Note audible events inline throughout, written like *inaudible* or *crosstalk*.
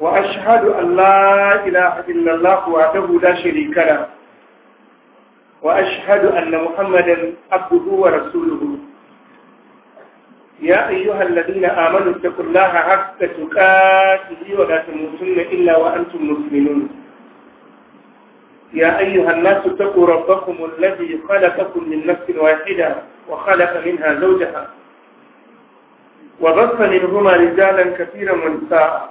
wa ashhadu an la ilaha illallah wa tahu la sharika la wa ashhadu anna muhammadan rasuluhu ya ayyuha alladhina amanu taqullaha haqqa tuqatih wa la tamutunna illa wa antum muslimun ya ayyuha an-nas taqu rabbakum alladhi khalaqakum min nafsin wahidah wa khalaqa minha zawjaha وبث منهما رجالا كثيرا ونساء من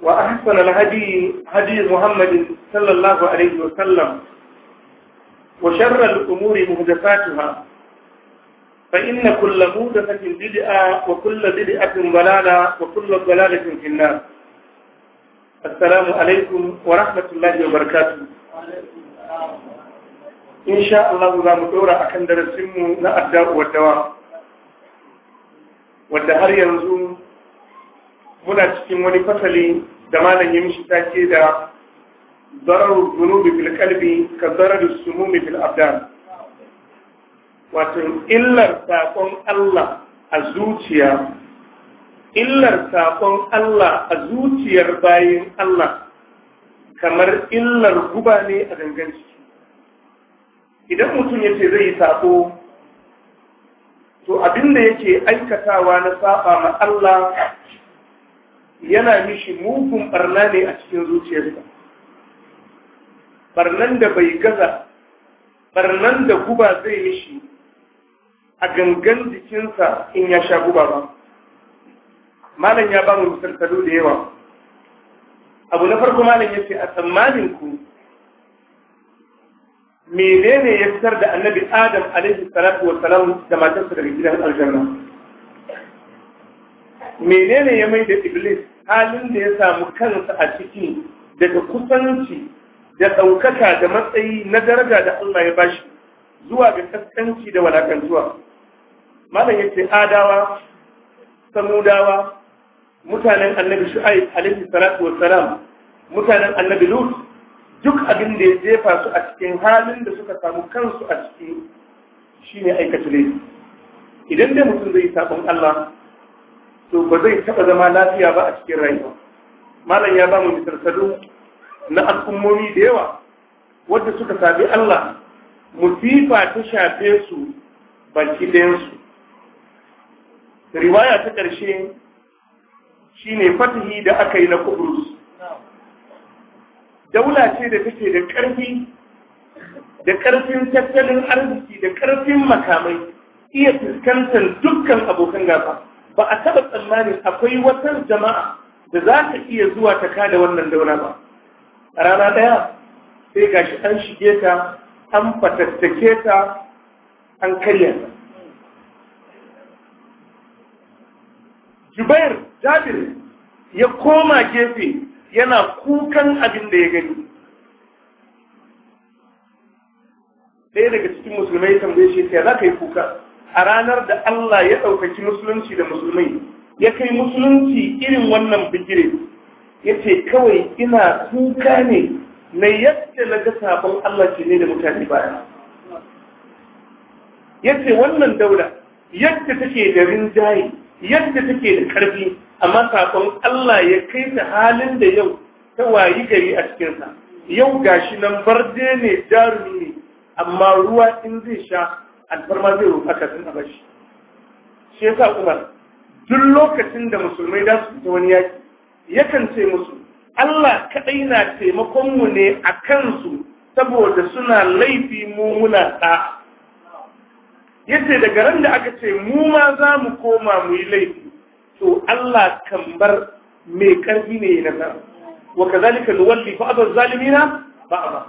وأحسن الهدي هدي محمد صلى الله عليه وسلم وشر الأمور مهدفاتها فإن كل مهدفة بدعة وكل بدعة ضلالة وكل ضلالة في النار السلام عليكم ورحمة الله وبركاته إن شاء الله لا مدورة أكن درسمه لا أداء والدواء والدهر ينزوم muna cikin wani fasali da malam ya ta take da zararul zunubi fil qalbi ka zararul sumumi fil abdan wato illar sakon Allah a zuciya illar sakon Allah a zuciyar bayin Allah kamar illar guba ne a gangan ciki idan mutum ya ce zai yi sako to abin da yake aikatawa na saba ma Allah yana mishi mugun barna ne a cikin zuciyarsa barnan da bai gaza barnan da guba zai mishi a gangan jikinsa in ya sha guba ba malam ya ba mu misaltalu da yawa abu na farko malam ya ce a tsammanin ku menene ya fitar da annabi adam alaihi salatu wa salam da matarsa daga gidan aljanna menene ya mai da iblis halin da ya samu kansa a cikin daga kusanci da ɗaukaka da matsayi na daraja da Allah ya bashi zuwa ga kaskanci da walakantuwa malam ya ce adawa samudawa mutanen annabi shu'aib alaihi salatu wassalam mutanen annabi lut duk abin da ya jefa su a cikin halin da suka samu kansu a ciki shine aikata laifi idan dai mutum zai yi sabon Allah to ba zai taɓa zama lafiya ba a cikin rayuwa malam ya ba mu misalsalu na al'ummomi da yawa wadda suka sabi Allah musifa ta shafe su baki ɗayansu riwaya ta ƙarshe shine fatihi da aka yi na kubrus daula ce da take da ƙarfi da ƙarfin tattalin arziki da ƙarfin makamai iya fuskantar dukkan abokan gaba ba a taɓa tsammanin akwai wata jama'a da za ta iya zuwa ta kada wannan dauna ba a rana ɗaya sai ga shi an shige ta an fatattake ta an karya ta jubair jabir ya koma gefe yana kukan abin da ya gani ɗaya daga cikin musulmai tambaye shi ya za ka yi kuka a ranar da Allah ya ɗaukaki musulunci da musulmai ya kai musulunci irin wannan bigire ya ce kawai ina kuka ne na yadda na ga sabon Allah ce ne da mutane baya ya ce wannan daula yadda take da rinjaye yadda take da ƙarfi amma sabon Allah ya kai ta halin da yau ta wayi gari a cikinsa yau gashi nan barde ne jarumi ne amma ruwa in zai sha alfarma zai roƙa kafin a bashi shi yasa Umar duk lokacin da musulmai za su fita wani yaƙi? yakan ce musu Allah kaɗai na taimakon mu ne a kansu saboda suna laifi mu muna ɗa'a. Yace daga ran da aka ce mu ma za mu koma mu yi laifi, to Allah kan bar mai ƙarfi ne na nasara. Wa ka nuwalli fa zalimina ba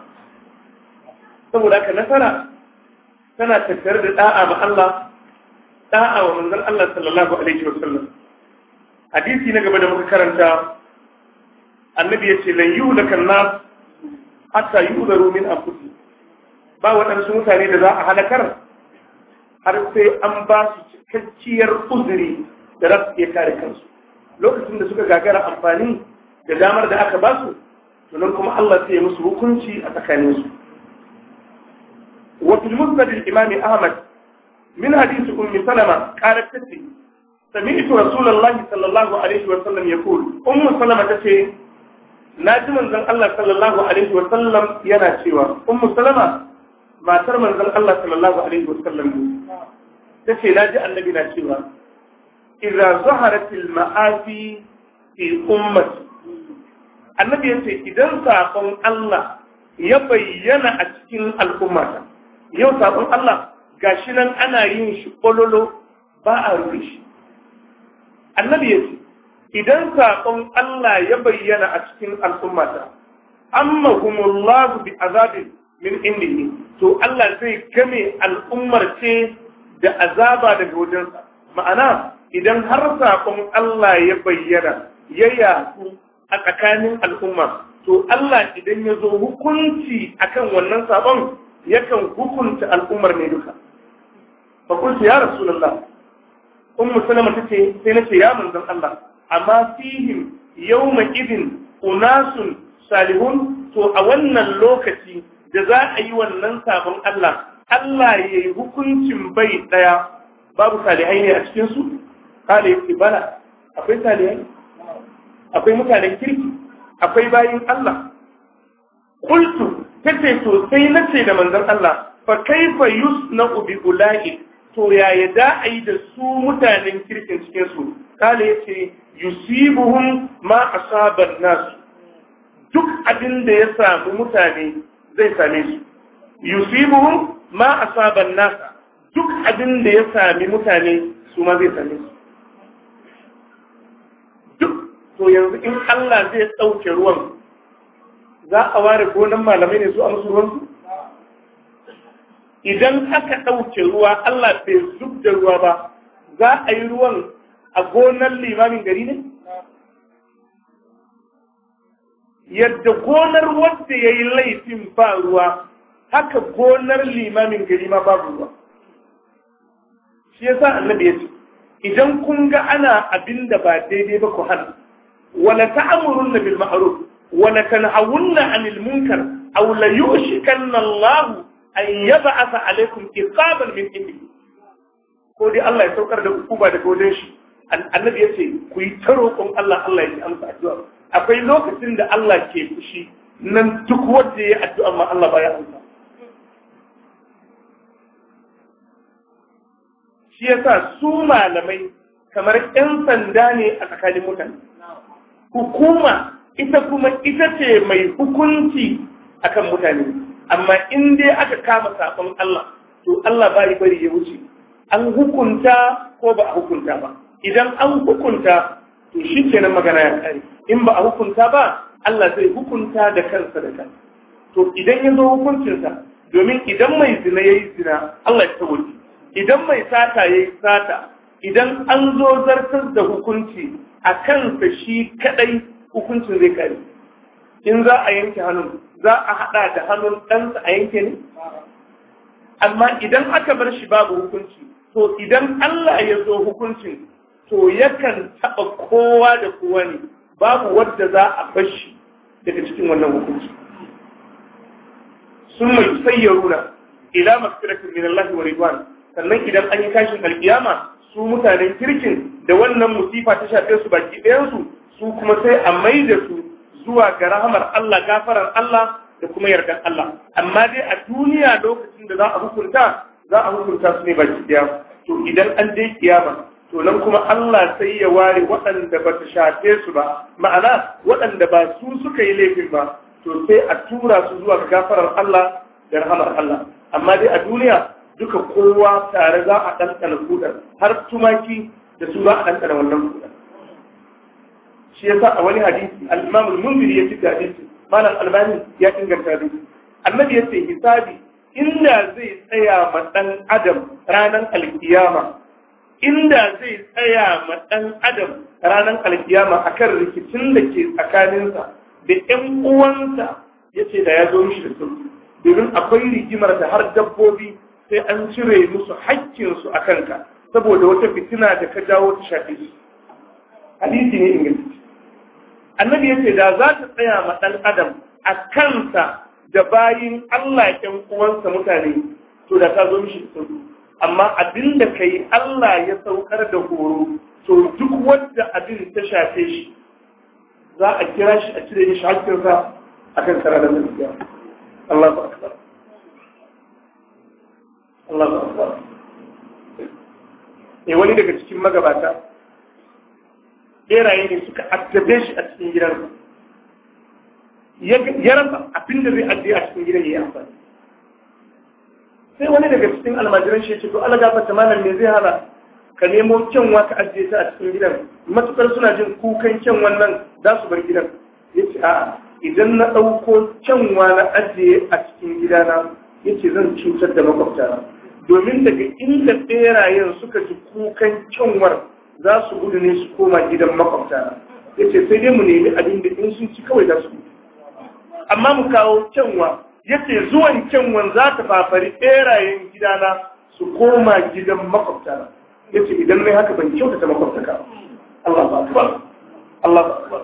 Saboda haka nasara tana tattare da da'a ma Allah da'a wa manzon Allah sallallahu alaihi wasallam hadisi na gaba da muka karanta annabi yace ce lan yuhlaka an-nas hatta yuhdaru min anfusihim ba waɗansu mutane da za a halakar har sai an ba su cikakkiyar uzuri da za su kare kansu lokacin da suka gagara amfani da damar da aka ba su to nan kuma Allah sai ya musu hukunci a tsakaninsu وفي المسند الإمام أحمد من حديث أم سلمة قالت تسي سمعت رسول الله صلى الله عليه وسلم يقول أم سلمة تسي ناجم من الله صلى الله عليه وسلم ينا شوى أم سلمة ما تر من الله صلى الله عليه وسلم تسي ناجي النبي ناشوى إذا ظهرت المآفي في أمتي annabi ya ce idan saƙon Allah ya bayyana a cikin al'ummata yau sabon Allah ga shi nan ana yin shi kololo ba a rufe shi annabi ya ce idan sabon Allah ya bayyana a cikin al'ummata amma humullahu bi azabin min ne, to Allah zai game al'ummar ce da azaba daga wajensa ma'ana idan har sabon Allah ya bayyana ya yaku a tsakanin al'umma to Allah idan ya zo hukunci akan wannan sabon yakan hukunta al'ummar ne duka fa kuntu ya rasulullah ummu salama tace sai nace ya manzon Allah amma fihim yawma idin unasun salihun to a wannan lokaci da za a yi wannan sabon Allah Allah ya yi hukuncin bai daya babu salihai ne a cikin su kale bala akwai salihai akwai mutanen kirki akwai bayin Allah kultu tace to sai na ce da manzon Allah fa kaifa yusna bi ulai to yaya da ai da su mutanen kirkin cikin su kale yace yusibuhum ma asaba nas duk abin da ya samu mutane zai same su yusibuhum ma asaba nas duk abin da ya sami mutane su ma zai same su duk to yanzu in Allah zai dauke ruwan za a ware gonan malamai ne su a musu ruwansu idan aka ɗauke ruwa Allah bai zub da ruwa ba za a yi ruwan a gonan limamin gari ne yadda gonar wanda ya yi laifin ba ruwa haka gonar limamin gari ma babu ruwa shi yasa annabi ya ce idan kun ga ana abinda ba daidai ba ku hana wala ta'amurun na bil ma'ruf wala tanhawunna anil munkar aw la yushikanna Allah an yab'atha alaikum iqaban min indi ko dai Allah ya saukar da hukuma daga wajen shi annabi ya ce ku yi ta roƙon Allah Allah ya ji amsa addu'a akwai lokacin da Allah ke fushi nan duk wanda ya addu'a ma Allah ba ya amsa shi yasa su malamai kamar 'yan sanda ne a tsakanin mutane hukuma ita kuma ita ce mai hukunci akan mutane amma in dai aka kama sakon Allah to Allah yi bari ya wuce an hukunta ko ba a hukunta ba idan an hukunta to shi kenan magana ya kare in ba a hukunta ba Allah zai hukunta da kansa da kansa to idan ya zo hukuncinsa domin idan mai zina ya yi zina Allah ya saboda idan mai sata ya yi sata idan an zo zartar da hukunci a kansa shi kaɗai. hukuncin zai kare in za a yanke hannun za a haɗa da hannun ɗansa a yanke ne amma idan aka bar shi babu hukunci to idan Allah ya zo hukuncin to yakan taɓa kowa da kowa ne babu wadda za a bar shi daga cikin wannan hukunci sun mai sayyaruna ila mafiratin min Allah wa ridwan sannan idan an yi kashin alkiyama su mutanen kirkin da wannan musifa ta shafe su baki ɗayansu su kuma sai a mai da su zuwa ga rahamar Allah gafarar Allah da kuma yardan Allah amma dai a duniya lokacin da za a hukunta za a hukunta su ne baki daya to idan an dai kiyama to nan kuma Allah sai ya ware waɗanda ba su shafe su ba ma'ana waɗanda ba su suka yi laifin ba to sai a tura su zuwa ga gafarar Allah da rahamar Allah amma dai a duniya duka kowa tare za a ɗanɗana kudar har tumaki da su za a ɗanɗana wannan kudar shi yasa a wani hadisi al-imam al munzir ya ci hadisi malam albani ya inganta hadisi annabi yace hisabi inda zai tsaya ma dan adam ranan alkiyama inda zai tsaya ma dan adam ranan alkiyama akan rikicin da ke tsakaninsa da ɗan uwansa yace da ya zo mishi da su domin akwai rigimar da har dabbobi sai an cire musu haƙƙinsu a kanka saboda wata fitina da ka dawo ta shafi su hadisi ne ingantacce annabi yace da za ta tsaya ma dan adam a kansa da bayin Allah ƴan uwansa mutane to da ta zo mishi sauki amma abinda da kai Allah ya saukar da horo to duk wanda abin ta shafe shi za a kira shi a cire mishi hakkinsa akan kara da gaskiya Allahu akbar Allahu akbar eh wani daga cikin magabata beraye ne suka addabe shi a cikin gidan ya rasa abin da zai addabe a cikin gidan ya yi amfani sai wani daga cikin almajiran shi ya ce to Allah ta malam ne zai hana ka nemo kyanwa ka ajiye ta a cikin gidan matukar suna jin kukan kyanwan nan za su bar gidan ya ce a'a idan na ɗauko kyanwa na ajiye a cikin gidana ya ce zan cutar da na domin daga inda ɓerayen suka ji kukan kyanwar za su gudu ne su koma gidan makwabta ya ce sai dai mu nemi abin da in sun ci kawai za su gudu amma mu kawo kyanwa ya ce zuwan kyanwan za ta fafari ɓerayen gidana su koma gidan makwabta ya ce idan mai haka ban kyautata makwabtaka Allah ba akbar Allah ba akbar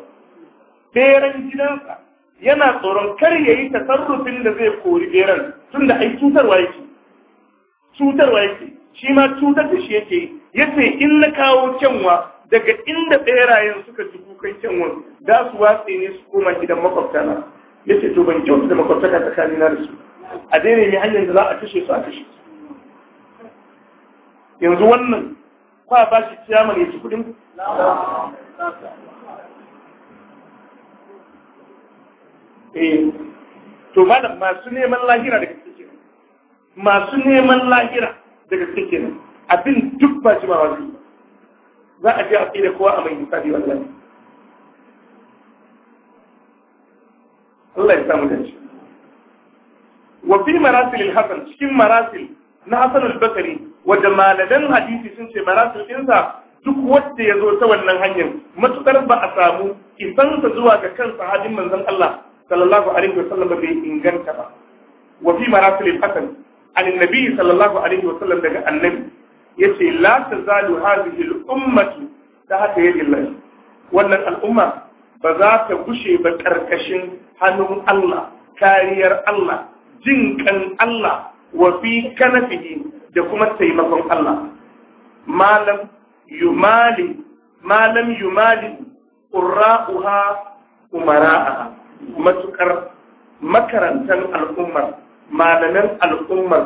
ɓeran gidansa yana tsoron kar ya yi tasarrufin da zai kori ɓeran tun da ai cutarwa yake cutarwa yake shi ma cutar da shi yake ce in na kawo kyanwa daga inda berayen suka ji kukan kyanwa za su watse ne su koma gidan makwabta na ce to ban kyautu da makwabtaka tsakanina da su a daina mai hanyar da za a kashe su a kashe su yanzu wannan kwa ba shi ciyaman ya ci kudin eh. to malam masu neman lahira daga cikin masu neman lahira daga cikin abin duk ba jimawa zai za a je a tsira kowa a mai hisabi wallahi Allah ya samu dace wa fi marasil Hassan, hasan cikin marasil na Hassan al-Bakari wadda malaman hadisi sun ce marasil ɗinsa duk wanda ya zo ta wannan hanyar matukar ba a samu isansa zuwa ga kan sahabin manzon Allah sallallahu alaihi wasallam bai inganta ba wa fi marasil hasan an nabi sallallahu alaihi wa sallam daga annabi yace la tazalu hadhihi al ummatu ta haka yadi Allah wannan al'umma ba za ta gushe ba karkashin hannun Allah kariyar Allah jin kan Allah wa fi kanafihi da kuma taimakon Allah malam yumali malam yumali qurra'uha umara'a. matukar makarantan al'ummar malaman al'ummar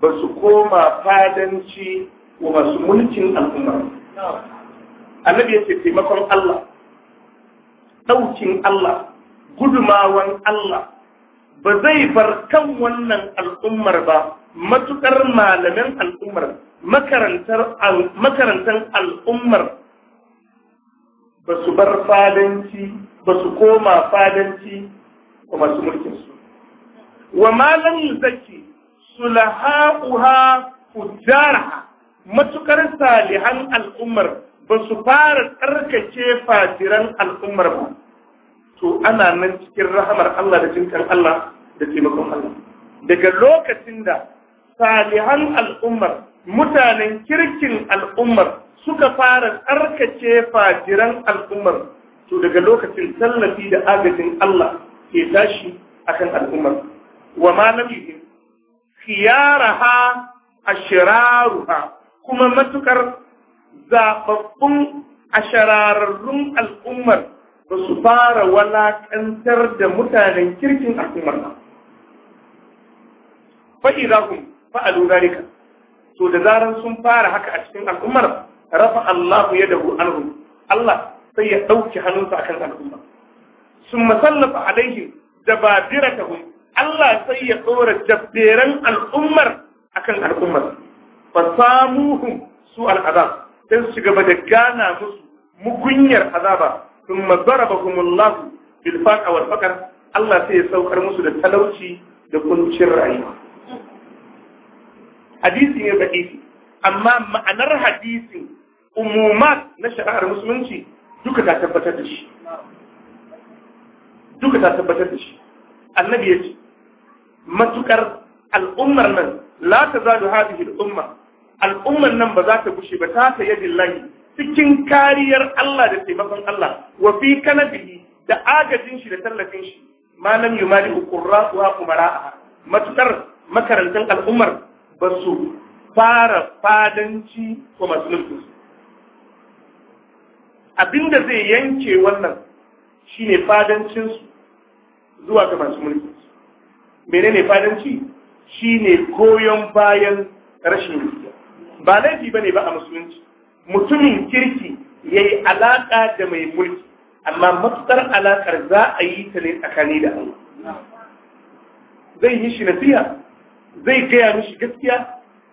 ba su koma fadanci wa masu mulkin al'ummar annabi ya ce taimakon Allah ɗaukin Allah gudumawan Allah ba zai bar kan wannan al'ummar ba matuƙar malamin al'ummar makarantar al'ummar ba su bar fadanci ba su koma fadanci wa masu mulkinsu wa malam yuzaki sulaha'uha fujjaraha matukar salihan al'ummar ba su fara tsarkake fajiran al'ummar ba to ana nan cikin rahamar Allah da jinkan Allah da taimakon Allah daga lokacin da salihan al'ummar mutanen kirkin al'ummar suka fara tsarkake fajiran al'ummar to daga lokacin tallafi da agajin Allah ke tashi akan al'ummar wa ma lam khiyaraha ashraruha kuma matukar zababbun ashararrun al'ummar ba su fara walakantar da mutanen kirkin al'ummar ba fa idahum fa'alu zalika to da zaran sun fara haka a cikin al'ummar rafa Allah ya dahu anhum Allah sai ya dauki hannunsa akan al'umma sun masallafa alaihim dababiratahum Allah sai ya tsora jabberan al'ummar akan al'ummar ba samuhu su al'azab sai su shiga da gana musu mugunyar azaba ba kuma bil faqa a walfakar. Allah sai ya saukar musu da talauci da kuncin rayuwa hadisi ne da amma ma'anar hadisin umumat na shari'ar musulunci duka ta tabbatar da shi duka ta tabbatar da shi annabi ya ce matukar al'ummar nan la ta zalu hadhihi al'ummar nan ba za ta gushe ba ta ta yadillahi cikin kariyar Allah da taimakon Allah wa fi kanabihi da agajin shi da tallafin shi malam yumali qurra'u wa qumara'a matukar makarantar al'ummar ba su fara fadanci ko musulunci abinda zai yanke wannan shine fadancinsu zuwa ga masu mulki menene fadanci shine koyon bayan rashin gaskiya ba laifi bane ba a musulunci mutumin kirki yayi alaƙa da mai mulki amma matsar alakar za a yi ta ne tsakani da Allah zai yi shi nasiha zai gaya mishi gaskiya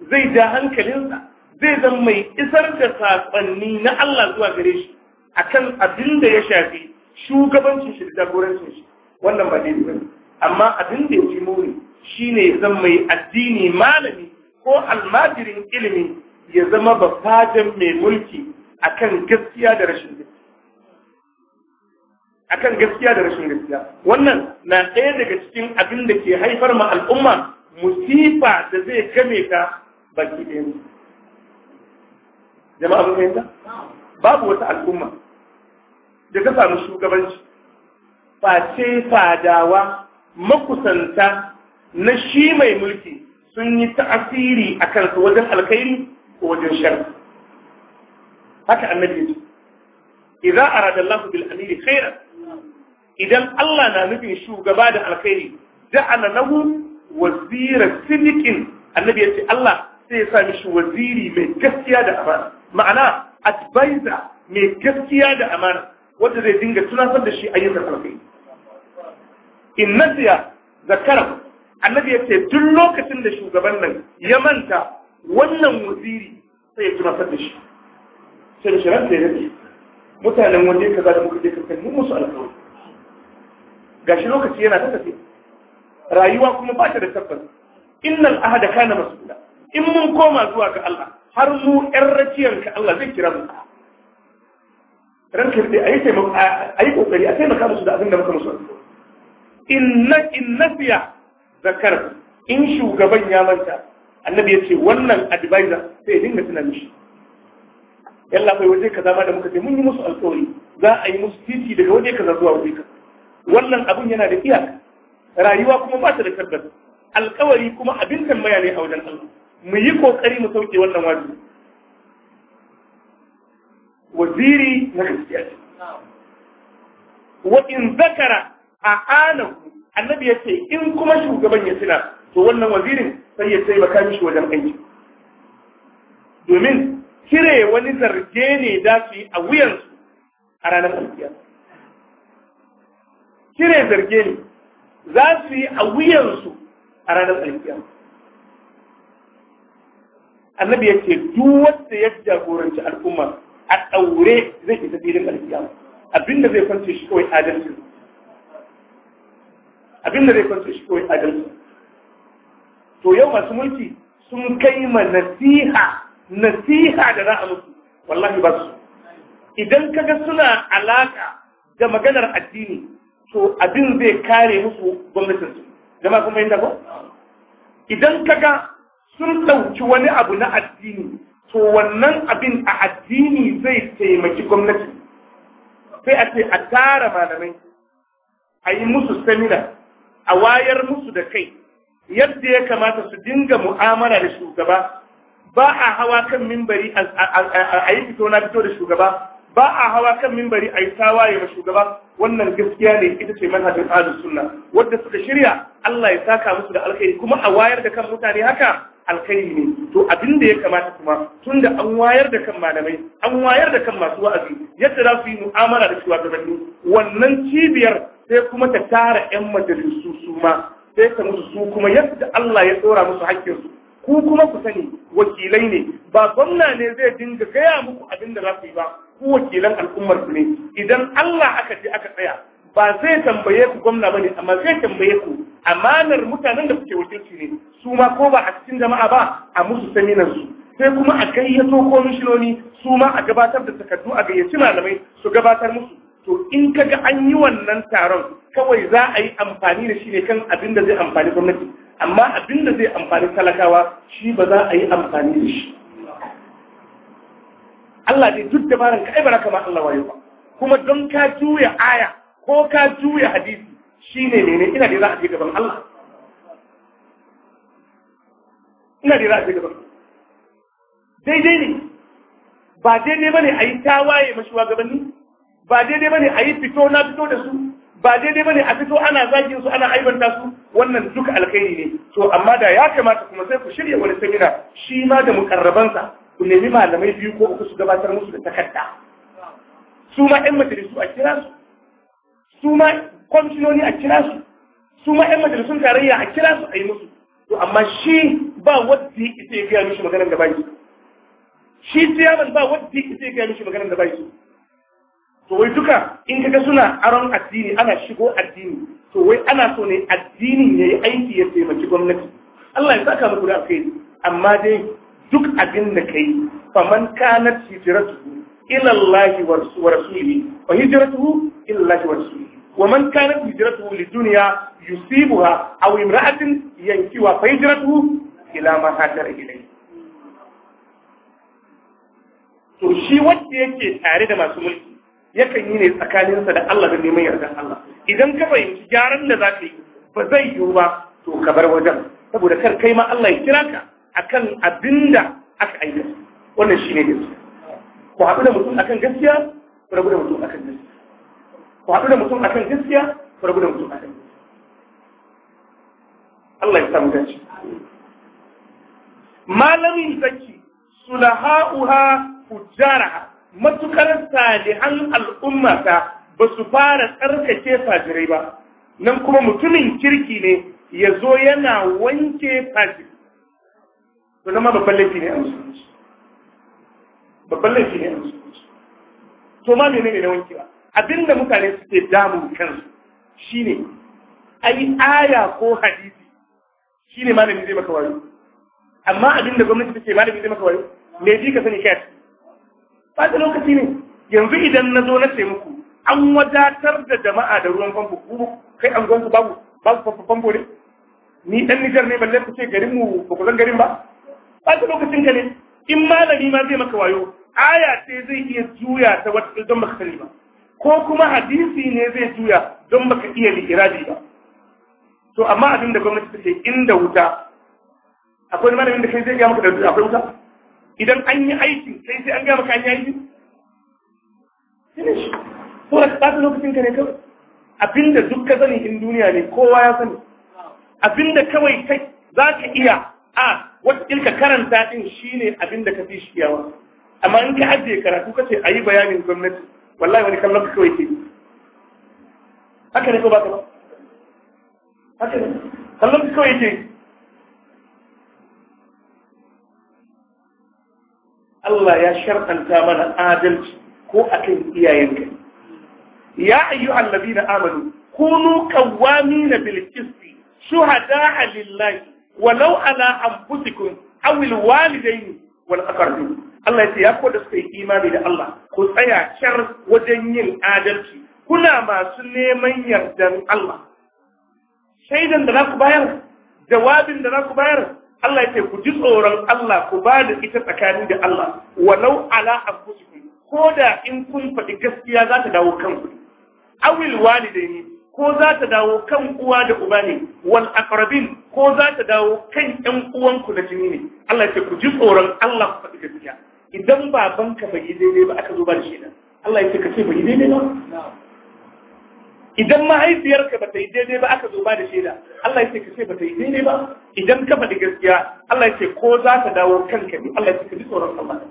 zai ja hankalinsa zai zan mai isar da saƙonni na Allah zuwa gare shi akan abin da ya shafi shugabancin shi da jagorancin shi wannan ba daidai ba ne amma abin da ya yake muni shine ya zama mai addini malami ko almajirin ilimi ya zama bafajen mai mulki kan gaskiya da rashin gaskiya kan gaskiya da rashin gaskiya wannan na ɗaya daga cikin abin da ke haifar ma al'umma musifa da zai game ta baki ɗaya jama'a mun fahimta babu wata al'umma da ta samu shugabanci face fadawa makusanta na shi mai mulki sun yi ta'asiri a kansu wajen alkhairi ko wajen shar haka annabi ya ce idan arada Allah bil amiri khairan idan Allah na nufin shugaba da alkhairi ja'ala lahu wazira sidiqin annabi ya ce Allah sai ya sa mishi waziri mai gaskiya da amana ma'ana advisor mai gaskiya da amana wanda zai dinga tunasar da shi ayyukan alkhairi in nasiya zakara annabi ya ce duk lokacin da shugaban nan ya manta wannan waziri sai ya tuna fadi shi sai da ran da ya mutanen wanda ya kaza da muka je kankan mun musu alƙawari gashi lokaci yana ta tafi rayuwa kuma ba ta da tabbas innal ahada kana masula in mun koma zuwa ga Allah har mu ƴar raciyan ka Allah zai kira mu ranka dai ayi mu ayi kokari a maka musu da abin da muka musu alƙawari in nasiya zakar in shugaban ya manta annabi ya ce wannan advisor sai dinga tuna mishi yalla kai waje kaza ma da muka ce mun yi musu alƙawari za a yi musu titi daga waje kaza zuwa waje kaza wannan abun yana da iyaka rayuwa kuma ba ta da tabbas alƙawari kuma abin maya ne a wajen Allah mu yi kokari mu sauke wannan wajibi waziri na gaskiya wa in zakara a anan, annabi ya ce in kuma shugaban ya tuna to wannan wazirin sai ya taimaka mishi wajen aiki domin cire wani zarge ne da su yi a wuyansu a ranar cire zarge ne za su yi a wuyansu a ranar alkiya annabi ya ce duk wanda ya jagoranci al'umma a ɗaure zai isa filin alkiya abinda zai kwance shi kawai adalcin abin da zai kwanto shi kawai adalci to yau masu mulki sun kai ma nasiha nasiha da za a musu wallahi ba su idan kaga suna alaka da maganar addini to abin zai kare musu gwamnatinsu jama kuma yin ko idan kaga sun ɗauki wani abu na addini to wannan abin a addini zai taimaki gwamnati sai a ce a tara malamai a yi musu seminar a wayar musu da kai yadda ya kamata su dinga mu'amala da shugaba ba a hawa kan mimbari a yi fito na fito da shugaba ba a hawa kan mimbari a yi tawaye ma shugaba wannan gaskiya ne ita ce manhajin ahlus sunna Wadda suka shirya Allah ya saka musu da alkhairi kuma a wayar da kan mutane haka alkhairi ne to abin da ya kamata kuma tun da an wayar da kan malamai an wayar da kan masu wa'azi yadda za su yi mu'amala da cewa shugabanni wannan cibiyar sai kuma ta tara 'yan majalisu su ma sai ta musu su kuma yadda Allah ya tsora musu hakkin su ku kuma ku sani wakilai ne ba gwamna ne zai dinga gaya muku abin da za su yi ba ku wakilan al'ummar ku ne idan Allah aka je aka tsaya ba zai tambaye ku gwamna ne amma zai tambaye ku amanar mutanen da kuke wakilci ne su ma ko ba a cikin jama'a ba a musu saminan su sai kuma a gayyato komishinoni su ma a gabatar da takardu a gayyaci malamai su gabatar musu to in kaga an yi wannan taron kawai za a yi amfani da shi ne kan abin da zai amfani gwamnati amma abin da zai amfani talakawa shi ba za a yi amfani da shi Allah dai duk dabaran ka ai baraka ma Allah wayo ba kuma don ka juya aya ko ka juya hadisi shine ne ina da za a je gaban Allah ina da za a je gaban daidai ne ba daidai bane a yi tawaye wa gabanni? ba daidai bane a yi fito na fito da su ba daidai bane a fito ana zagin su ana aibanta su wannan duka alkhairi ne to amma da ya kamata kuma sai ku shirya wani samina shi ma da mukarrabansa ku nemi malamai biyu ko uku su gabatar musu da takarda su ma 'yan majalisu a kira su su ma kwamishinoni a kira su su ma 'yan majalisun tarayya a kira su a yi musu to amma shi ba wadda ita ya gaya mishi maganar da ba yi shi ciyaman ba wadda ita ya gaya mishi maganar da ba yi to wai duka in kaga suna aron addini ana shigo addini to wai ana so ne addinin ya yi aiki ya taimaki gwamnati Allah ya saka muku da kai amma dai duk abin da kai faman kanat fitratu إلى الله ورسوله وهجرته إلى الله ورسوله ومن كانت هجرته للدنيا يصيبها أو امرأة fa فهجرته إلى ما هاجر إليه to shi wanda yake tare da masu mulki yakan yi ne tsakaninsa da Allah da neman yardan Allah idan ka fahimci gyaran da za ka yi ba zai yi ba to ka bar wajen saboda kar kai ma Allah ya kira ka akan abinda aka aikata wannan shine gaskiya ku haɗu da mutum akan gaskiya ku rabu da mutum akan gaskiya ku haɗu da mutum akan gaskiya ku rabu da mutum akan gaskiya Allah ya samu gaci malamin zaki sulaha'uha fujjaraha matukar salihan al'umma ta ba su fara tsarkake fajirai ba nan kuma mutumin kirki ne ya zo yana wanke fajiri to na ma babban laifi ne a musulunci babban laifi ne a musulunci to ma menene na wankewa abinda mutane suke damun kansu shine ai aya ko hadisi shine malami zai maka wayo amma abinda gwamnati take malami zai maka wayo me ji ka sani kai ba da lokaci ne yanzu idan na zo na ce muku an wadatar da jama'a da ruwan famfo ku kai an gwanku babu babu famfo ne ni dan Nijar ne balle ku ce garin mu ba ku san garin ba ba ta lokacin ka ne in malami ma zai maka wayo aya ce zai iya juya ta wata don baka sani ba ko kuma hadisi ne zai juya don baka iya li'irabi ba to amma abin da gwamnati ta ce inda wuta akwai malamin da kai zai ga maka da akwai wuta idan an yi aiki sai sai an ga maka an yi aiki finish ko a tsaka lokacin ka ne kawai da duk ka sani in duniya ne kowa ya sani Abin da kawai kai za ka iya a wata ilka karanta din shine abin da ka fi shi yawa amma in ka ajiye karatu kace a yi bayanin gwamnati wallahi wani kallon ka kawai ke haka ne ko ba ka ba haka ne kallon ka kawai ke Allah ya shar'anta mana adalci ko a akan iyayenka ya ayyuhal ladina amanu kunu qawwamina bil qisti shuhada'a lillahi walau ala anfusikum aw al walidayn wal aqrabin Allah ya ce ya da suka yi imani da Allah ku tsaya kyar wajen yin adalci kuna masu neman yardan Allah shaidan da za ku bayar jawabin da za ku bayar Allah ya ce ku ji tsoron Allah ku ba da ita tsakanin da Allah walau ala anfusikum ko da in kun faɗi gaskiya za ta dawo kanku awil walidaini ko za ta dawo kan uwa da uba ne wal aqrabin ko za ta dawo kan ƴan uwanku na jini ne Allah ya ce ku ji tsoron Allah ku faɗi gaskiya idan babanka bai yi daidai ba aka zo ba da shi nan Allah ya ce ka ce bai yi daidai ba idan mahaifiyarka ba ta yi daidai ba aka zo ba da shaida Allah ya ce ka ce ba ta yi daidai ba idan ka faɗi gaskiya Allah ya ce ko za ta dawo kanka ne Allah ya ce ka ji tsoron Allah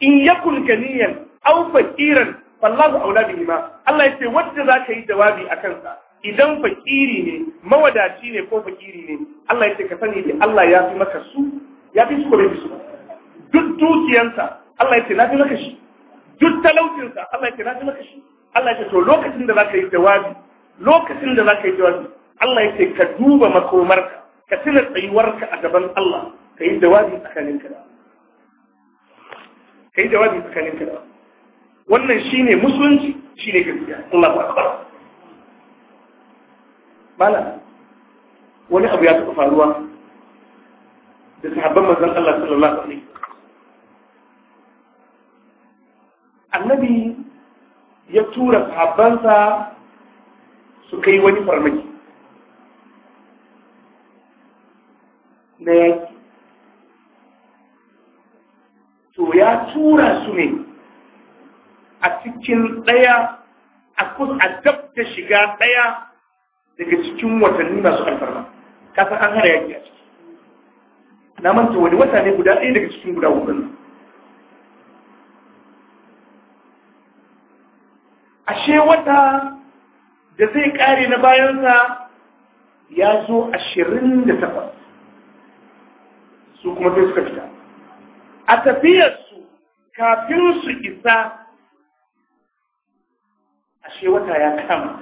in yakun ganiyan aw fakiran fallahu aula bihi ma Allah ya ce wanda za ka yi jawabi a kansa idan fakiri ne mawadaci ne ko fakiri ne Allah ya ce ka sani da Allah ya fi maka su ya fi su ko bai fi su ba duk dukiyarsa Allah ya ce na ji maka shi duk talaucinsa Allah ya ce na ji maka shi Allah ya ce to lokacin da zaka yi jawabi lokacin da zaka yi jawabi Allah ya ce ka duba makomarka ka tuna tsayuwarka a gaban Allah ka yi jawabi tsakanin ka da ka yi jawabi tsakanin ka da wannan shine musulunci shine gaskiya Allahu akbar bala wani abu ya taɓa faruwa da sahabban manzon Allah sallallahu alaihi wasallam annabi ya tura sahabbansa su kai wani farmaki na yaki to ya tura su ne a cikin ɗaya a kusa dab shiga ɗaya daga cikin watanni masu alfarma kasar an hana yaki a ciki na manta wani wata ne guda ɗaya daga cikin guda hudun ashe wata da zai kare na bayansa ya zo ashirin da takwas su kuma sai suka fita a tafiyarsu kafin su isa ashe wata ya kama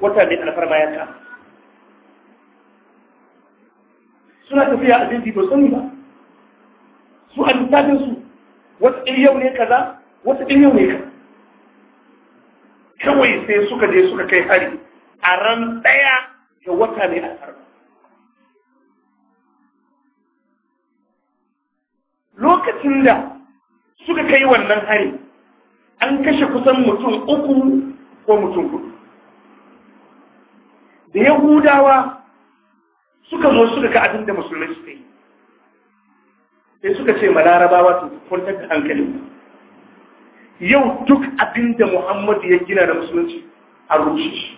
wata mai alfarma ya kama suna tafiya a zai ba sani ba su a littafinsu wasu ɗin yau ne kaza wasu ɗin yau ne kaza kawai sai suka je suka kai hari a ran ɗaya ga wata ne a lokacin da suka kai wannan hari an kashe kusan mutum uku ko mutum hudu da yahudawa suka zo suka ga abin da musulmai suka yi sai suka ce ma larabawa su kwantar da hankalin yau duk abin da Muhammadu ya gina da musulunci a rushe shi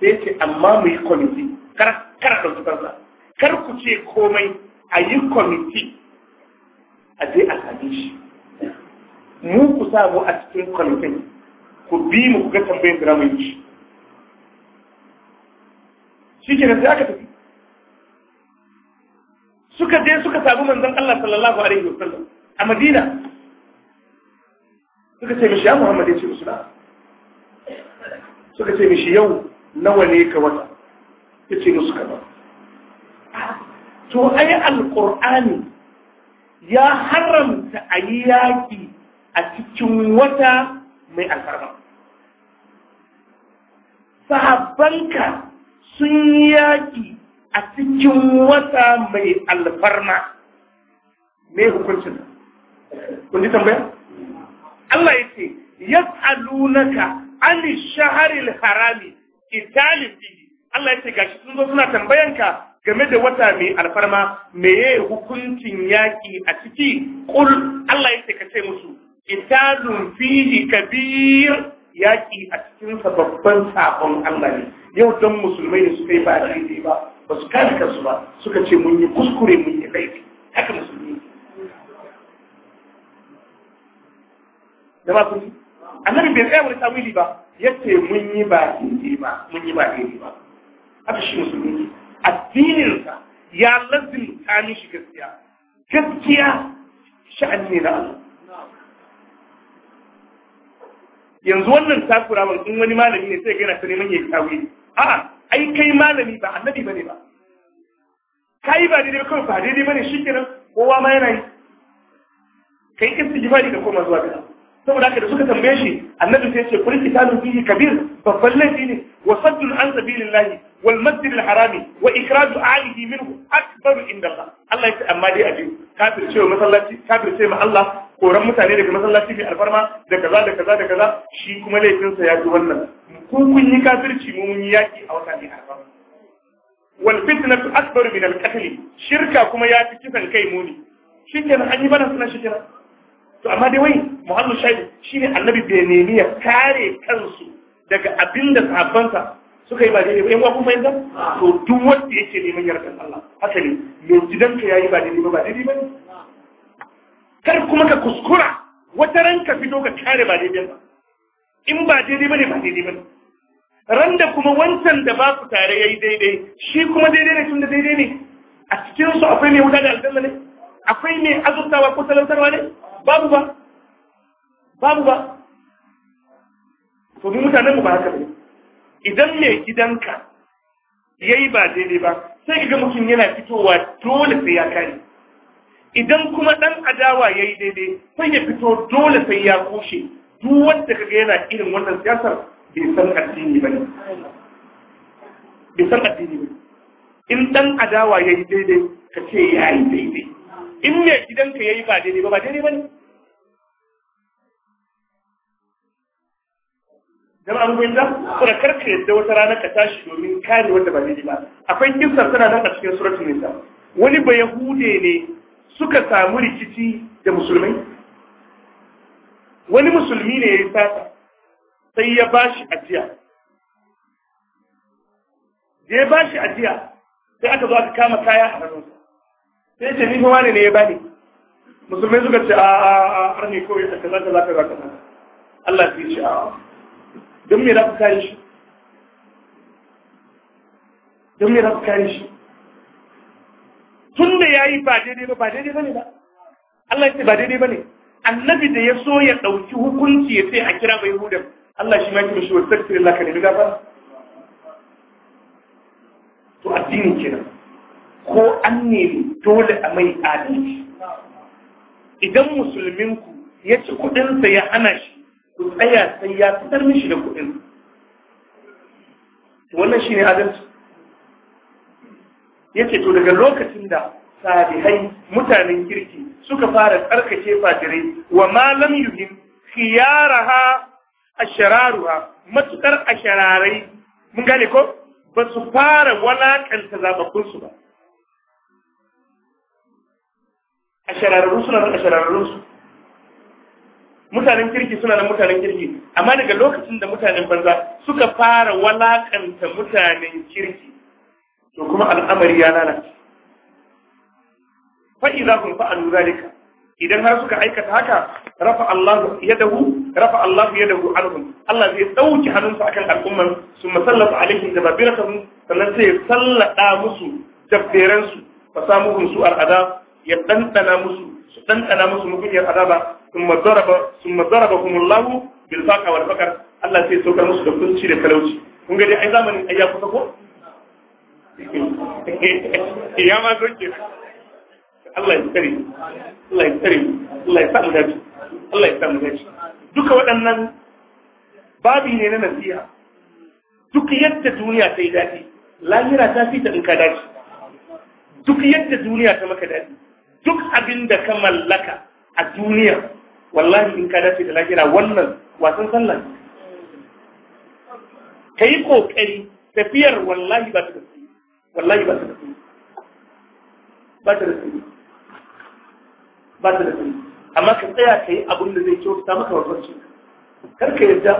sai ce amma mu yi kwamiti kar a ɗauki banza kar ku ce komai a yi kwamiti a je a sami shi mu ku sa mu a cikin kwamitin ku bi mu ku ga tambayin da yi shi shi ke sai aka tafi suka je suka samu manzon Allah sallallahu alaihi wasallam a Madina suka ce mishi ya Muhammad ya ce musu na suka ce mishi yau nawa ne ka wata ya ce musu kaza to ai alkur'ani ya haramta a yi yaƙi a cikin wata mai alfarma sahabbanka sun yi yaƙi a cikin wata mai alfarma me hukuncin kun ji tambaya Allah yake yas'alunaka an shaharil harami qitalin fihi Allah yake gashi sun zo suna tambayanka game da wata mai alfarma meye hukuncin yaƙi a ciki kul Allah ce ka ce musu qitalun fihi kabir Yaƙi a cikin babban sabon Allah ne yau don musulmai ne suka yi ba daidai ba ba su kare kansu ba suka ce mun yi kuskure mun yi laifi haka musulmi jama kun yi annabi bai tsaya wani tawili ba yace mun yi ba daidai ba mun yi ba daidai ba haka shi musulmi addinin sa ya lazim ta shi gaskiya gaskiya sha'ani ne na Allah yanzu wannan takurawan in wani malami ne sai ga yana ta neman yayi tawili a'a ai kai malami ba annabi bane ba kai ba daidai kawai ba daidai bane shikenan kowa ma yana yi kai istijibari da koma zuwa ga saboda haka da suka tambaye shi annabi sai ce kulli kitabun fihi kabir babban laifi ne wa saddun an sabilillahi wal masjid al harami wa ikraju alihi minhu akbaru inda Allah Allah yace amma dai aje kafir ce wa masallaci kafir ce ma Allah koran mutane daga masallaci bi alfarma da kaza da kaza da kaza shi kuma laifin sa ya ji wannan ko kun yi kafirci mu mun yi yaki a wata ne alfarma wal fitnatu akbaru min al qatl shirka kuma ya fi kisan kai muni shikenan an yi bana suna shikenan to amma dai wai muhammadu shaidu shine annabi bai nemi ya kare kansu daga abin da sahabbansa suka yi ba daidai ba yan kuma yanzu to duk wanda yake neman yardan Allah haka ne mai gidanka yayi ba daidai ba ba daidai ba ne kar kuma ka kuskura wata ran ka fito ka kare ba daidai ba in ba daidai ba ne ba daidai ba ne ran da kuma wancan da ba ku tare yayi daidai shi kuma daidai ne tun da daidai ne a cikin su akwai mai wuta da aljanna ne akwai mai azurtawa ko talautarwa ne babu ba babu ba to mutanen mu ba haka ne idan mai gidanka yayi ba daidai ba sai ga mutum yana fitowa dole sai ya kare idan kuma dan adawa yayi daidai sai ya fito dole sai ya kushe duk wanda kaga yana irin wannan siyasar bai san addini bane bai san addini bane in dan adawa yayi daidai ka ce yayi daidai in mai gidanka ya yi ba daidai ba ba daidai ba ne zama an gwinda kuma karka yadda wata rana ka tashi domin kare wanda ba daidai ba akwai kisar tana nan a cikin suratun nisa wani ba yahude ne suka samu rikici da musulmai wani musulmi ne ya yi sata sai ya ba shi ajiya da ya ba shi ajiya sai aka zo aka kama kaya a hannunsa sai ce ni kuma ne ne ya bani musulmai suka ce a a a har ne kawai a kaza kaza kaza kaza Allah sai ce a don me za ku kare shi don me za ku kare shi tun da ya yi ba daidai ba ba daidai ba ne ba Allah ya ce ba daidai ba ne annabi da ya so ya ɗauki hukunci ya ce a kira mai hudar Allah shi ma kira shi wa sarki Allah ka nemi gafara to addini kenan ko an ne dole a mai adalci idan musulminku ya ci kuɗinsa ya hana shi ku tsaya sai ya fitar mishi da kuɗin wannan shi ne adalci yace to daga lokacin da sadihai mutanen kirki suka fara tsarkake fajirai wa malam lam yuhim khiyaraha matuƙar matukar shararai mun gane ko ba su fara wala kanta su ba a suna nan a mutanen kirki suna nan mutanen kirki amma daga lokacin da mutanen banza suka fara walakanta mutanen kirki to kuma al'amari ya lalace fa idza hum fa'alu zalika idan har suka aikata haka rafa Allah yadahu rafa Allah yadahu alhum Allah zai dauki hannunsa akan al'umman su musallatu alaihim da sannan sai sallada musu jabberan su fasamuhum su'ar adab ya ɗanɗana musu su ɗanɗana musu mugunyar azaba sun mazaraba sun mazaraba kuma lahu bil faqa wal fakar Allah sai saukar musu da kunci da talauci kun ga dai ai zamanin ai ya kusa ko *laughs* ya ma zo ke Allah ya tsare Allah ya tsare Allah ya samu dace Allah ya samu dace duka waɗannan babi ne na nasiha duk yadda duniya ta yi daɗi lahira ta fi ta in ka dace duk yadda duniya ta maka daɗi duk abin da ka mallaka a duniya wallahi in ka dace da lahira wannan wasan sallah ka yi ƙoƙari tafiyar wallahi ba ta da wallahi ba ta da ba ta da ba ta da amma ka tsaya ka yi abin da zai kyautata maka wasan kar ka yarda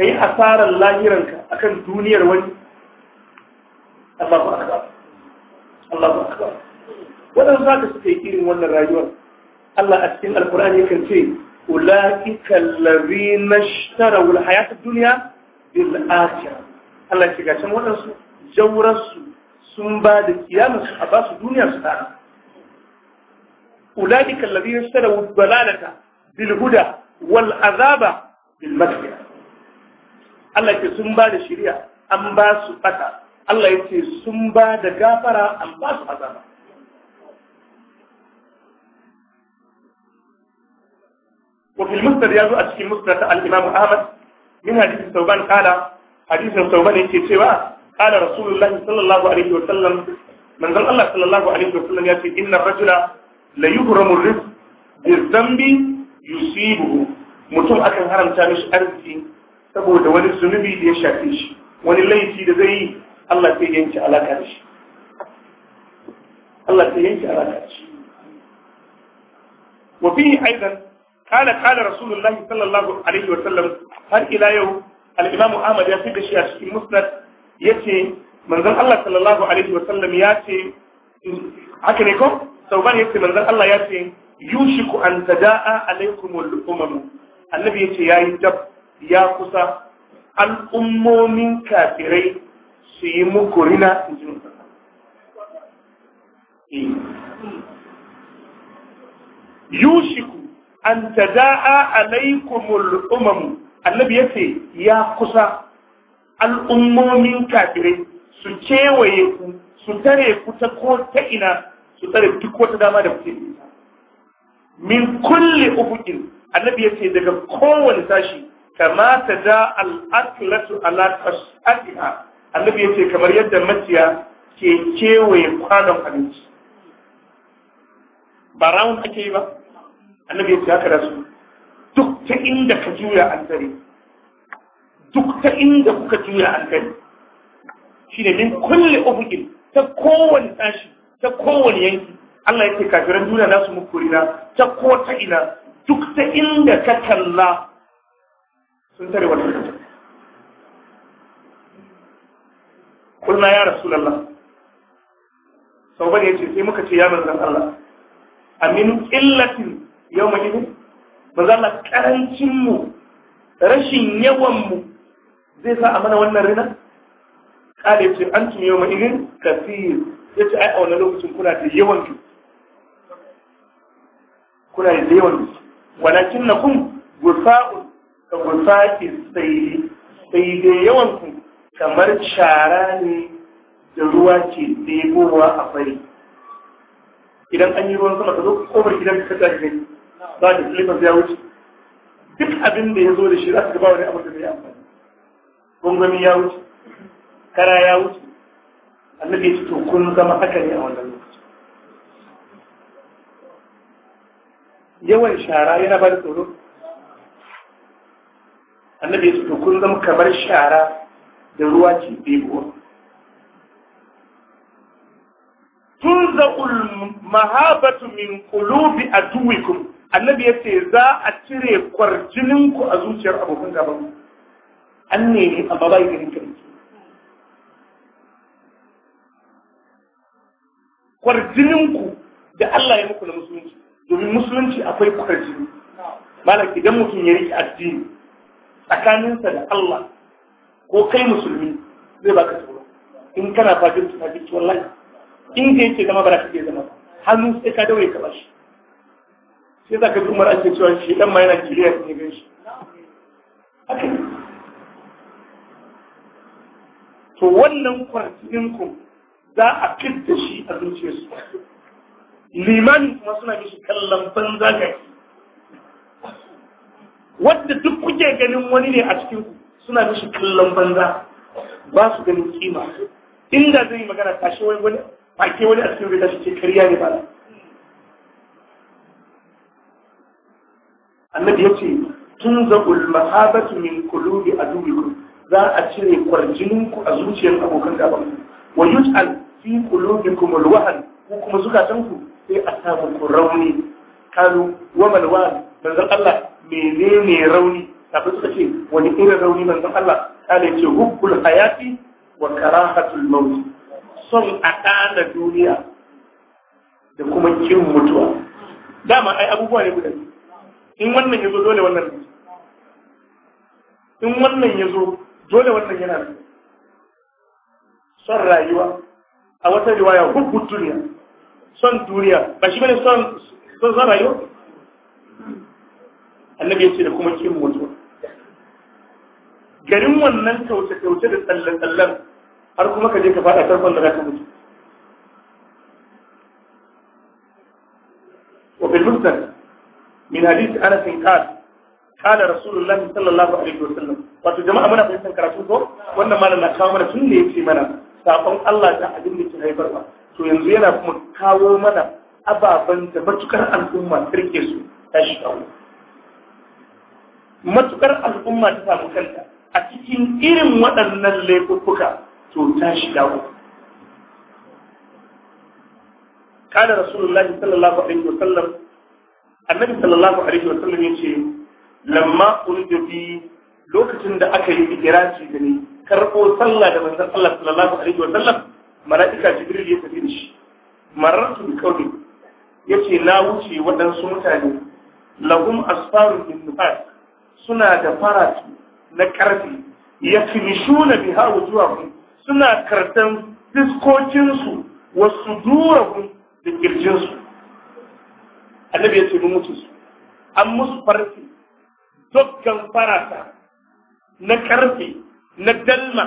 ka yi asarar lahiranka akan duniyar wani Allahu akbar Allahu akbar waɗansu za ka yi irin wannan rayuwar Allah a cikin alkur'ani kan ce ulaika allazina ishtarawul hayata dunya bil akhirah Allah ya ce ga can waɗansu jawransu sun ba da kiyama su a ba su duniya su tara ulaika allazina ishtarawud dalalata bil huda wal azaba bil maghfira Allah ya ce sun ba da shari'a an ba su fata Allah ya ce sun ba da gafara an ba su azaba وفي المصدر يزو أشكي مصدر الإمام أحمد من حديث ثوبان قال حديث ثوبان يتشوى قال رسول الله صلى الله عليه وسلم من ذل الله صلى الله عليه وسلم يأتي إن الرجل لا يهرم الرزق بالذنب يصيبه mutum akan haramta mishi arziki saboda wani zunubi da ya shafe shi wani laifi da zai yi Allah sai yanke alaka da shi Allah sai yanke alaka da shi wa fihi aidan kana kana rasulullahi sallallahu alaihi wa sallam har ila yau al-imamu ahmad ya fi da shi a cikin musnad yace manzon Allah sallallahu alaihi wa sallam ya ce haka ne ko sauban yace manzon Allah ya ce yushiku an tada'a alaikumul umam annabi yace yayi dab ya kusa al'ummomin kafirai su yi muku rina an tada'a alaikumul umam annabi yace ya kusa al'ummomin kafirai su kewaye ku su tare ku ta ko ta ina su tare duk wata dama da kuke min kulli ufuqin annabi yace daga kowane sashi kama da al-atlatu ala qasatiha annabi yace kamar yadda maciya ke kewaye kwanon abinci ba rawun ake yi ba annabi ya ce haka su duk ta inda ka juya an tare duk ta inda kuka juya an tare shi ne min kulle ufukin ta kowane tashi ta kowane yanki Allah ya ce kafiran duniya na su muku rina ta ko ta ina duk ta inda ka kalla sun tare wannan kanta kulna ya rasulallah sau bane ya ce sai muka ce ya manzan Allah amin illatin yau mu idin ba za mu karancin mu rashin yawan mu zai sa a mana wannan rina kale ce an tun yau mu idin kafir yace ai a wannan lokacin kuna da yawan ki kuna da yawan ki walakinnakum gusa'un ka gusa'i sai sai dai yawan ku kamar shara ne da ruwa ke ɗebowa a fari idan an yi ruwan sama ka zo kofar gidan ka tsaye ne ذلك اللي ما بيعوش تبقى بندي هذول الشيء رأس كباوني أمر دمي أمر بمغمي يعوش كرا يعوش أنك يتو كن كما أكري أولا يوى الشارع ينا بارتولو annabi su to kun zama kamar shara da ruwa ci bibo tunza ul mahabatu min qulubi atwikum annabi ya ce za a cire kwarjininku a zuciyar abokan gaban an nemi amma ba yi ka kwarjinin Kwarjininku da Allah ya muku na musulunci domin musulunci akwai kwarjini malak idan mutum ya riƙe addini tsakaninsa da Allah ko kai musulmi zai baka tsoro in kana fajin fajin wallahi in ka yake zama ba za ka iya zama hannu sai ka daure ka bashi sai za ka umar ake cewa shi dan ma yana kiriya ne gan shi to wannan kwartinin ku za a fitta shi a zuciyarsu liman kuma suna mishi kallon banza ga wadda duk kuke ganin wani ne a cikin ku suna mishi kallon banza ba su ganin kima inda zai magana tashi wani wani ke wani a cikin bai tashi ce kariya ne ba annabi yace tunzabul mahabatu min qulubi aduwikum za a cire kwarjinin ku a zuciyar abokan gaban wa yuj'al fi kuma alwahan ko kuma zukatan sai a samu ku rauni kanu wa malwan manzon Allah menene rauni tafi suka ce wani irin rauni manzon Allah kale ce hubbul hayati wa karahatul maut son a duniya da kuma kin mutuwa dama ai abubuwa ne guda in wannan ya zo dole wannan ne in wannan ya zo dole wannan yana ne son rayuwa a wata riwaya hukun duniya son duniya ba shi bane son son son rayuwa annabi ya ce da kuma kin mutuwa garin wannan kauce kauce da tsalle tsallan har kuma ka je ka faɗa tarkon da za ka mutu min hadisi Anas bin Qas kada rasulullahi sallallahu alaihi wasallam wato jama'a muna fahimtar karatu ko wannan malam na kawo mana tun ne yake mana sakon Allah da abin da ke haifarwa to yanzu yana kuma kawo mana ababan da matukar al'umma sirke su tashi kawo matukar al'umma ta samu kanta a cikin irin waɗannan laifuffuka to tashi kawo kada rasulullahi sallallahu alaihi wasallam annabi sallallahu alaihi wa sallam yace lamma uridu bi lokacin da aka yi ikiraci da ni karbo sallah da manzon Allah sallallahu alaihi wa sallam mala'ika jibril ya tafi da shi marartu bi qawli yace na wuce waɗansu mutane lahum asfarun min nufas suna da farati na karfi yakmishuna biha wujuhahum suna kartan fiskokinsu wasu durahum da kirjinsu annabi ya ce mu mutu su an musu farfi dukkan farata na karfe na dalma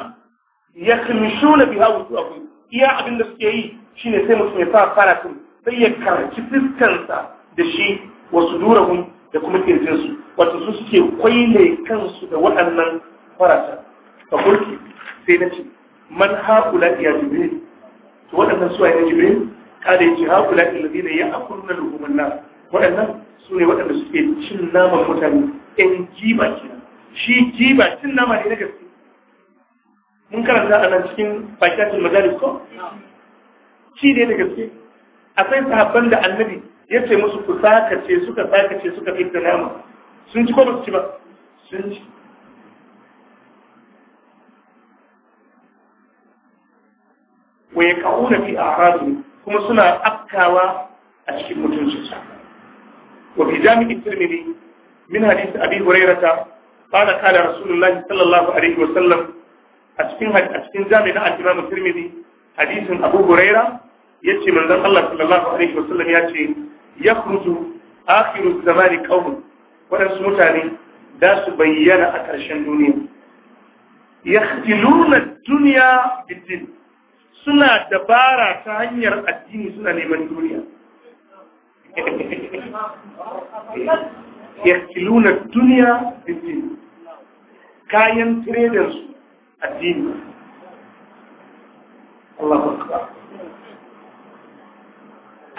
ya kamishu na biha wutu abu iya abin da suke yi shine sai mutum ya fara faratin sai ya karci fiskansa da shi wasu durahun da kuma kirjinsu wato su suke kwaile kansu da waɗannan farata a kurki sai na ce man haƙula ya jibril to waɗannan suwaye na jibril kada ya ce haƙula ilazina ya na luhumun nasu waɗannan su ne waɗanda suke cin naman mutane ɗan jiba kenan shi jiba cin nama ne na gaske mun karanta a nan cikin fakiyatul majalis ko shi ne na gaske akwai sahabban da annabi ya ce musu ku sakace suka sakace suka fitta nama sun ci ko ba su ci ba sun ci waye ka'una fi a kuma suna afkawa a cikin mutunci وفي جامع الترمذي من حديث أبي هريرة قال قال رسول الله صلى الله عليه وسلم أسكن أسكن جامع الإمام الترمذي حديث أبو هريرة يأتي من ذن الله صلى الله عليه وسلم يأتي يخرج آخر الزمان قوم ونفس متاني داس بيانا أكرشن دنيا يختلون الدنيا بالدين suna dabara ta hanyar addini suna neman duniya *laughs* yakiluna duniya bidin kayan tiredar su addini Allahu akbar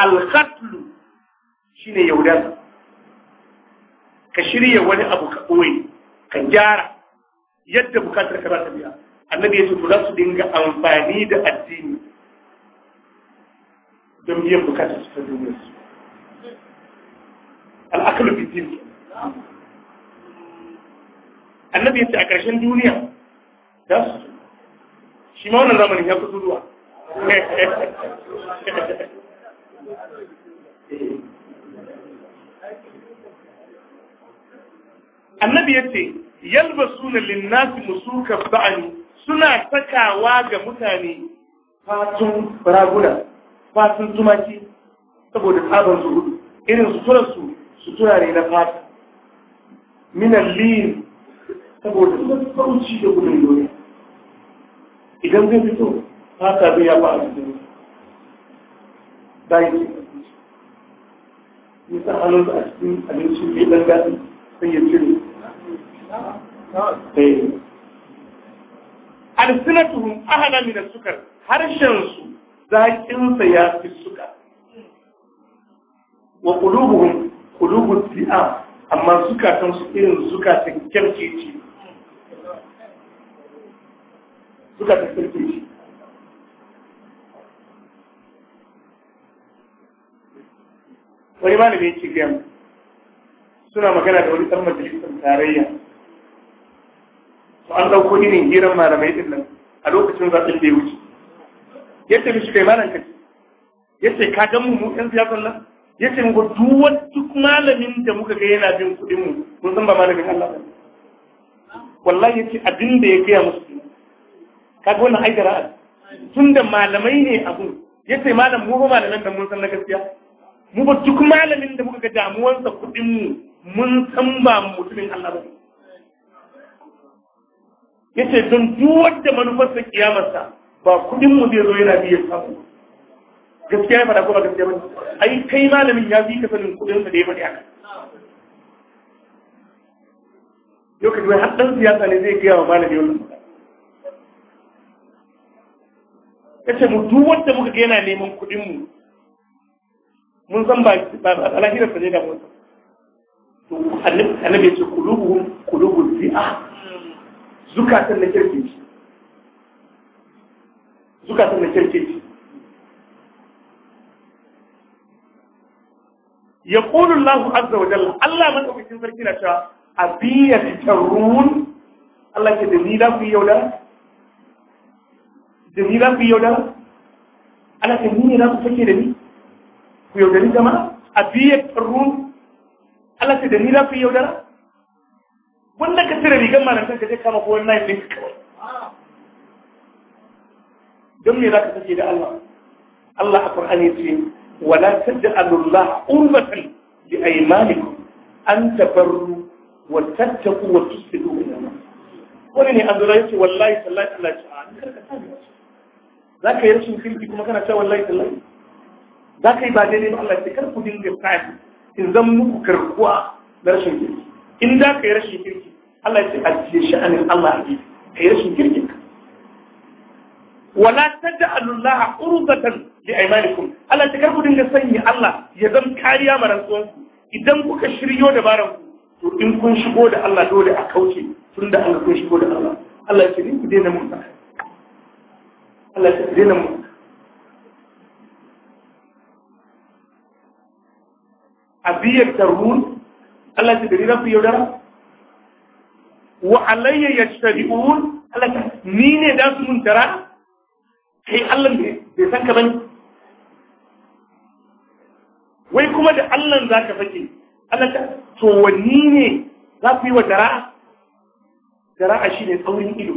al-qatl shine yaudar ka shirya wani abu ka ɓoye ka gyara yadda bukatar ka za ta biya annabi ya ce za su dinga amfani da addini don biyan bukatar su ta duniya al'akalu fi annabi yace a ƙarshen duniya da su shi ma wannan zamanin ya kusa ruwa annabi yace yalbasuna lin-nasi musuka ba'ani suna sakawa ga mutane fatun raguna fatun tumaki saboda tsabar su irin su su. turare na fata minan liyin saboda sassauci da gudun dole idan zai fito fata zai yafa a cikin bayan nisa hannun a cikin abincin mai dan gasi sai ya cire eh. alsinatuhum ahana min sukar harshen su zaƙinsa ya fi suka wa qulubuhum kulubus si'am amma zukatan su irin zukatan kyarkeci zukatan ce wani ma ne yake gaya suna magana da wani ɗan majalisar tarayya to an ɗauko irin hirar malamai ɗin nan a lokacin zaɓen da ya wuce yadda mishi kai malam ce yadda ka gan mu mu ɗan siyasar nan ya ce mu duk malamin da muka ga yana bin kuɗin mu mun san ba malamin Allah ba wallahi ya ce abin da ya gaya musu kaga wannan aiki ra'a tun da malamai ne abu ya ce malam mu ba malamin da mun san na gaskiya mu ba duk malamin da muka ga sa kuɗin mu mun san ba mutumin Allah ba yace don da manufar manufarsa kiyamarsa ba kudin mu zai zo yana biyan ba gaskiya ya faɗa ko ba gaskiya bane ai kai malamin ya fi ka sanin kudin da ya faɗi haka lokaci wai har dan siyasa ne zai gaya wa malami wannan kace mu duk wanda muka ga yana neman kudin mu mun san ba alahirar sa ne da mun to annabi ya ce kulubuhum kulubul fi'a zukatan na kirkin zukatan na kirkin ya ƙulun lahu azza wa jalla Allah maɗaukakin sarki na cewa a biya fitarun Allah ke da ni za ku yi yaudara? Da ni za ku yi yaudara? Allah ke ni ne za ku sake da ni? Ku yaudari jama'a? A biya fitarun Allah ke da ni za ku yi yaudara? Wannan ka cire rigar malantar ka je kama ko wani nayin ɗinka kawai. Don me za ka sake da Allah? Allah a Kur'an ce ولا تجعلوا الله قربة لأيمانكم أن تبروا وتتقوا وتصلوا إلى الله wani ne an zura yake wallahi tallahi Allah ya ce a ni karkata ne za ka yi rashin kirki kuma kana cewa wallahi tallahi za ka yi ba daidai ba Allah ya ce kar ku dinga tsari in zan muku karkuwa na rashin kirki in za ka yi rashin kirki Allah ya ce a ajiye sha'anin Allah ya ce ka yi rashin kirki wala tad'alullaha urzatan li aymanikum Allah ta karku dinga sanya Allah ya zama kariya maransuwan idan kuka shiryo dabaran to in kun shigo da Allah dole a kauce tunda an kun shigo da Allah Allah ya ce ni ku daina mun Allah ya ce daina mun Allah ta yaudara ni ne da mun tara kai Allah bai san ka bane wai kuma da Allah za ka sake Allah ta to wani ne za ku yi wa Dara dara'a shi ne tsaurin ido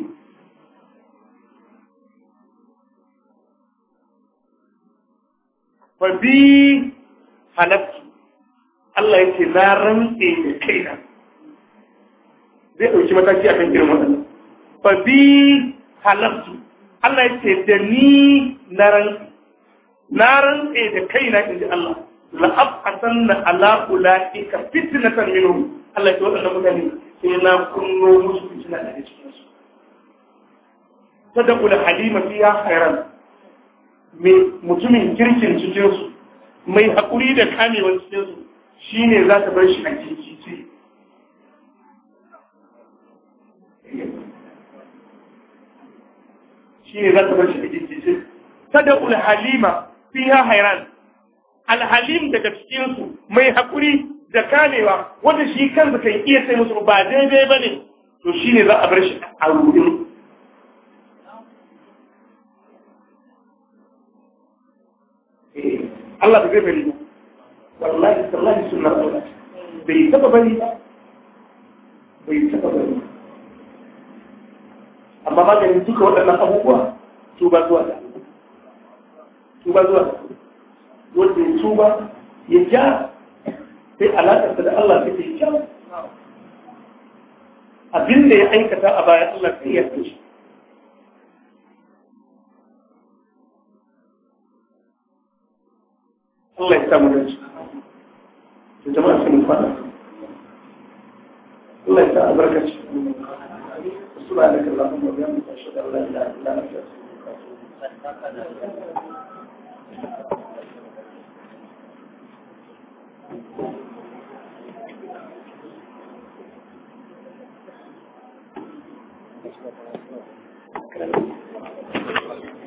fa bi halatti Allah yake na rantse da kaina zai ɗauki mataki a kan irin waɗannan fa bi halatti Allah ya ce da ni na rantsi na rantse da kaina inji Allah la afasan na ala na san minu, Allah ya ce waɗanda mutane sai na kunno musu na da cikin su sadaqul halima fiha ya me mutumin kirkin cikinsu mai haƙuri da kamewan cikin su shine za ta bar shi a ciki shi ne za ta bar shi da gincicin kada ulhalima fiha hairan alhalim daga cikinsu mai haƙuri da kamewa wanda shi kansa kan iya sai musu ba daidai ba ne to shi ne za a bar shi a rudin eh, Allah ta zai bari ba wallahi tallahi sunnar Allah bai taba bari ba bai taba bari amma maganin duka waɗannan abubuwa tuba zuwa da tuba zuwa da wanda ya tuba ya ja sai alaƙarsa da Allah ta ya kyau abin da ya aikata a baya Allah ta iya san shi Allah ya samu da shi da jama'a sun fada Allah ya sa albarkaci سبحانك اللهم وبحمدك اشهد ان لا اله الا انت استغفرك Thank you.